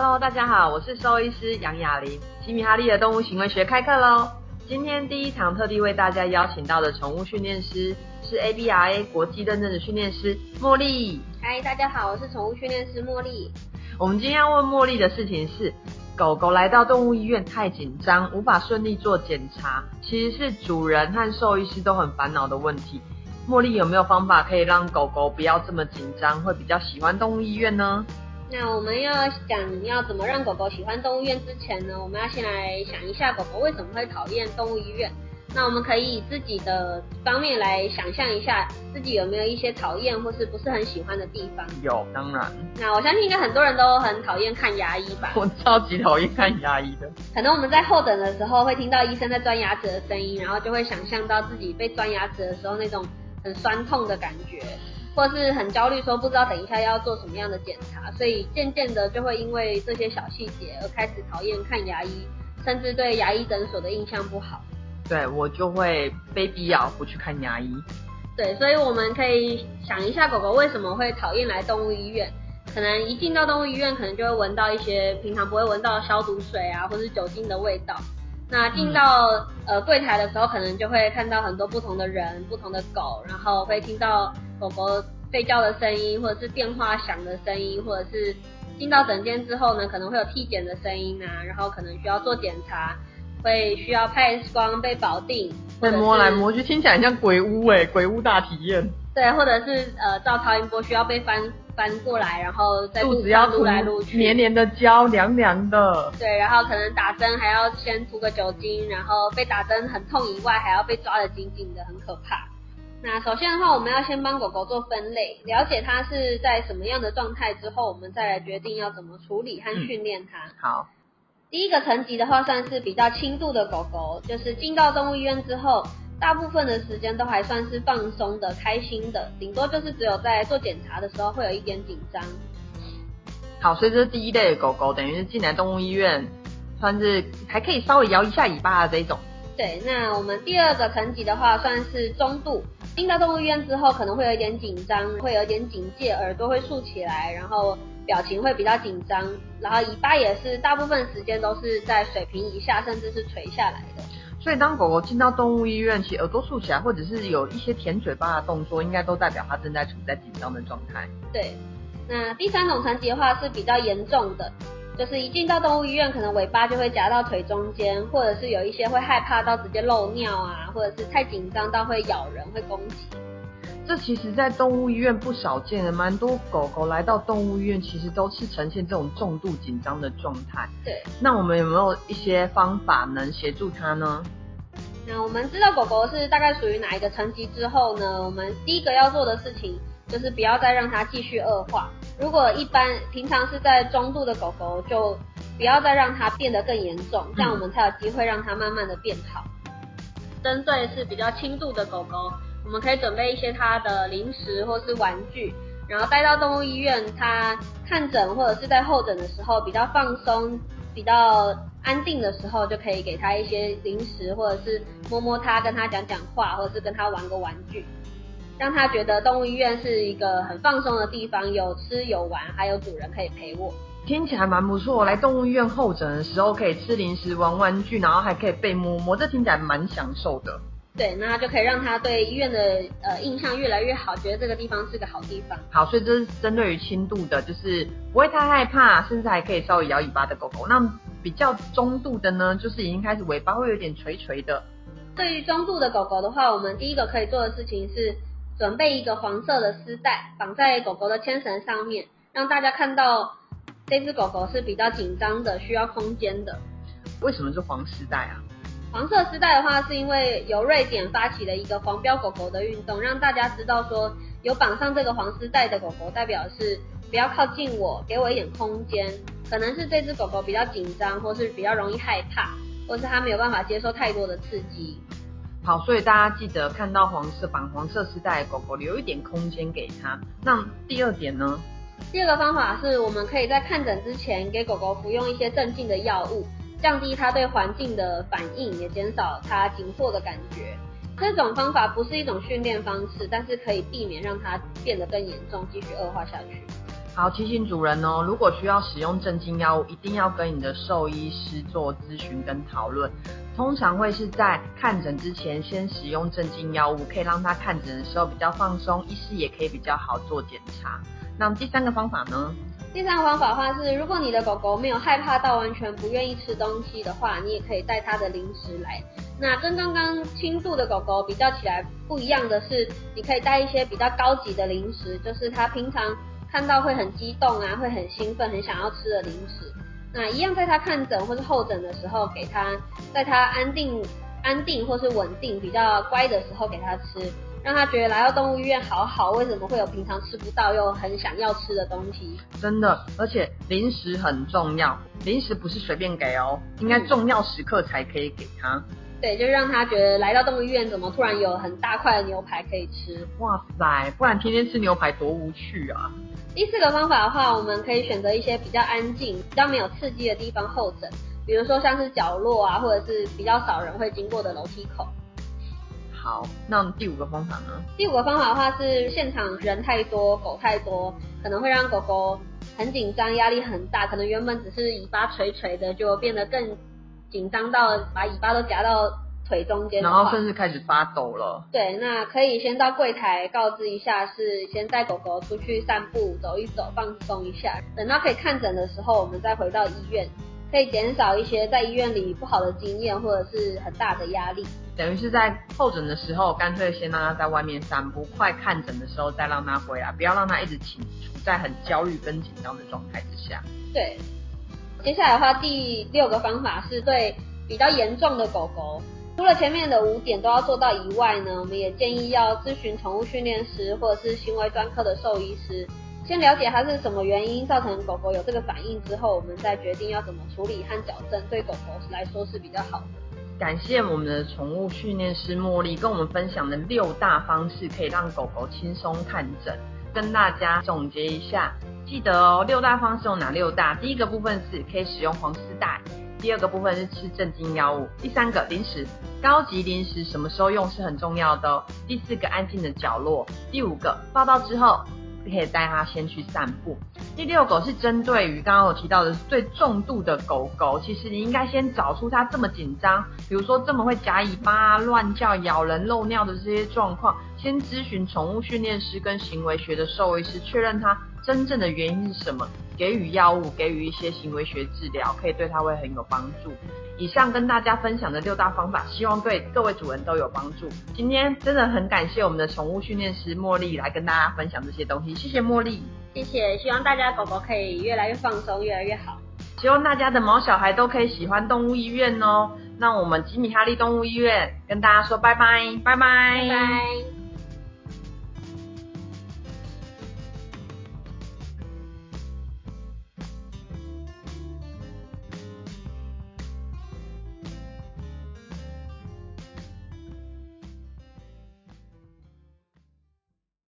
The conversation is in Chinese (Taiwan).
Hello，大家好，我是獸醫師楊雅鈴，吉米哈利的動物行為學開課嘍、喔。今天第一堂特地為大家邀請到的寵物訓練師是 ABRA 國際認證的訓練師茉莉。嗨，大家好，我是寵物訓練師茉莉。我們今天要問茉莉的事情是，狗狗來到動物醫院太緊張，無法順利做檢查，其實是主人和獸醫師都很煩惱的問題。茉莉有沒有方法可以讓狗狗不要這麼緊張，會比較喜歡動物醫院呢？那我們要講，要怎麼讓狗狗喜歡動物醫院之前呢？我們要先來想一下狗狗為什麼會討厭動物醫院。那我們可以，以自己的方面來想象一下，自己有沒有一些討厭或是不是很喜歡的地方？有，當然。那我相信應該很多人都很討厭看牙醫吧？我超級討厭看牙醫的。可能我們在候診的時候會聽到醫生在鑽牙齒的聲音，然後就會想象到自己被鑽牙齒的時候那種很酸痛的感覺。或是很焦慮，說不知道等一下要做什麼樣的檢查，所以漸漸的就會因為這些小細節而開始討厭看牙醫，甚至對牙醫診所的印象不好。對，我就會非必要不去看牙醫。對，所以我們可以想一下狗狗為什麼會討厭來動物醫院，可能一進到動物醫院，可能就會聞到一些平常不會聞到的消毒水啊，或是酒精的味道。那進到、嗯、呃櫃台的時候，可能就會看到很多不同的人、不同的狗，然後會聽到狗狗吠叫的聲音，或者是電話響的聲音，或者是進到診間之後呢，可能會有體檢的聲音啊，然後可能需要做檢查，會需要拍 X 光被保定，會、欸、摸來摸去，聽起來像鬼屋誒、欸，鬼屋大體驗。對，或者是呃，照超音波需要被翻。翻過來，然後再塗來塗去塗，黏黏的膠，涼涼的。對，然後可能打針還要先塗個酒精，然後被打針很痛以外，還要被抓得緊緊的，很可怕。那首先的話，我們要先幫狗狗做分類，了解它是在什麼樣的狀態之後，我們再來決定要怎麼處理和訓練它。好，第一個層級的話，算是比較輕度的狗狗，就是進到動物醫院之後。大部分的時間都還算是放鬆的、開心的，頂多就是只有在做檢查的時候會有一點緊張。好，所以這是第一類的狗狗，等於是進來動物醫院，算是還可以稍微搖一下尾巴的這種。對，那我們第二個層級的話，算是中度，進到動物醫院之後可能會有一點緊張，會有一點警戒，耳朵會豎起來，然後表情會比較緊張，然後尾巴也是大部分時間都是在水平以下，甚至是垂下來的。所以當狗狗進到動物醫院，其實耳朵豎起來，或者是有一些舔嘴巴的動作，應該都代表它正在處在緊張的狀態。對，那第三種層級的話是比較嚴重的，就是一進到動物醫院，可能尾巴就會夾到腿中間，或者是有一些會害怕到直接漏尿啊，或者是太緊張到會咬人、會攻擊。這其實在動物醫院不少見的，蠻多狗狗來到動物醫院，其實都是呈現這種重度緊張的狀態。對，那我們有沒有一些方法能協助它呢？那我們知道狗狗是大概屬於哪一個層級之後呢？我們第一個要做的事情就是不要再讓它繼續惡化。如果一般平常是在中度的狗狗，就不要再讓它變得更嚴重，這樣我們才有機會讓它慢慢的變好。嗯、針對是比較輕度的狗狗，我們可以準備一些它的零食或是玩具，然後帶到動物醫院，它看診或者是在候診的時候比較放鬆。比較安定的時候，就可以給他一些零食，或者是摸摸他，跟他講講話，或者是跟他玩個玩具，讓他覺得動物醫院是一個很放鬆的地方，有吃有玩，還有主人可以陪我。聽起來蠻不錯，來動物醫院候診的時候可以吃零食、玩玩具，然後還可以被摸摸，這聽起來蠻享受的。對，那就可以讓他對醫院的呃印象越來越好，覺得這個地方是個好地方。好，所以這是針對於輕度的，就是不會太害怕，甚至還可以稍微搖尾巴的狗狗。那比較中度的呢，就是已經開始尾巴會有點垂垂的。對於中度的狗狗的話，我們第一個可以做的事情是準備一個黃色的絲帶，綁在狗狗的牽繩上面，讓大家看到這只狗狗是比較緊張的，需要空間的。為什麼是黃絲帶啊？黃色絲帶的話，是因為由瑞典發起了一個黃標狗狗的運動，讓大家知道說，有綁上這個黃絲帶的狗狗，代表是不要靠近我，給我一點空間。可能是這隻狗狗比較緊張，或是比較容易害怕，或是它沒有辦法接受太多的刺激。好，所以大家記得看到黃色綁黃色絲帶的狗狗，留一點空間給他。那第二點呢？第二個方法是我們可以在看診之前，給狗狗服用一些鎮靜的藥物。降低它對環境的反應，也減少它緊迫的感覺。這種方法不是一種訓練方式，但是可以避免讓它變得更嚴重，繼續惡化下去。好，提醒主人哦，如果需要使用鎮靜藥物，一定要跟你的獸醫師做諮詢跟討論。通常會是在看診之前先使用鎮靜藥物，可以讓他看診的時候比較放鬆，醫師也可以比較好做檢查。那第三個方法呢？第三方法的話是，如果你的狗狗沒有害怕到完全不願意吃東西的話，你也可以帶它的零食來。那跟剛剛輕度的狗狗比較起來不一樣的是，你可以帶一些比較高級的零食，就是它平常看到會很激動啊，會很興奮，很想要吃的零食。那一樣，在它看診或是候診的時候，給它，在它安定、安定或是穩定、比較乖的時候給它吃。讓他覺得來到動物醫院好好，為什麼會有平常吃不到又很想要吃的東西？真的，而且零食很重要，零食不是隨便給哦，應該重要時刻才可以給他。對，就是讓他覺得來到動物醫院，怎麼突然有很大塊的牛排可以吃？哇塞，不然天天吃牛排多無趣啊。第四個方法的話，我們可以選擇一些比較安靜、比較沒有刺激的地方候診，比如說像是角落啊，或者是比較少人會經過的樓梯口。好，那第五個方法呢？第五個方法的話是現場人太多，狗太多，可能會讓狗狗很緊張，壓力很大，可能原本只是尾巴垂垂的，就變得更緊張到把尾巴都夾到腿中間，然後甚至開始發抖了。對，那可以先到櫃檯告知一下，是先帶狗狗出去散步走一走，放鬆一下，等到可以看診的時候，我們再回到醫院。可以減少一些在醫院裡不好的經驗或者是很大的壓力，等於是在候診的時候，乾脆先讓他在外面散步，快看診的時候再讓他回來，不要讓他一直情處在很焦慮跟緊張的狀態之下。對，接下來的話，第六個方法是對比較嚴重的狗狗，除了前面的五點都要做到以外呢，我們也建議要諮詢寵物訓練師或者是行為專科的獸醫師。先了解它是什麼原因造成狗狗有這個反應之後，我們再決定要怎麼處理和矯正，對狗狗來說是比較好的。感謝我們的寵物訓練師茉莉跟我們分享的六大方式可以讓狗狗輕鬆看診。跟大家總結一下，記得哦，六大方式有哪六大？第一個部分是可以使用黃絲帶，第二個部分是吃鎮靜藥物，第三個零食，高級零食什麼時候用是很重要的哦。第四個安靜的角落，第五個抱抱之後。可以帶它先去散步。第六個是針對於剛剛我提到的最重度的狗狗，其實你應該先找出它這麼緊張，比如說這麼會夾尾巴、亂叫、咬人、漏尿的這些狀況，先諮詢寵物訓練師跟行為學的獸醫師，確認它真正的原因是什麼。給予藥物，給予一些行為學治療，可以對它會很有幫助。以上跟大家分享的六大方法，希望對各位主人都有幫助。今天真的很感謝我們的寵物訓練師茉莉來跟大家分享這些東西，謝謝茉莉。謝謝，希望大家的狗狗可以越來越放鬆，越來越好。希望大家的毛小孩都可以喜歡動物醫院哦。那我們吉米哈利動物醫院跟大家說拜拜，拜拜，拜拜。拜拜。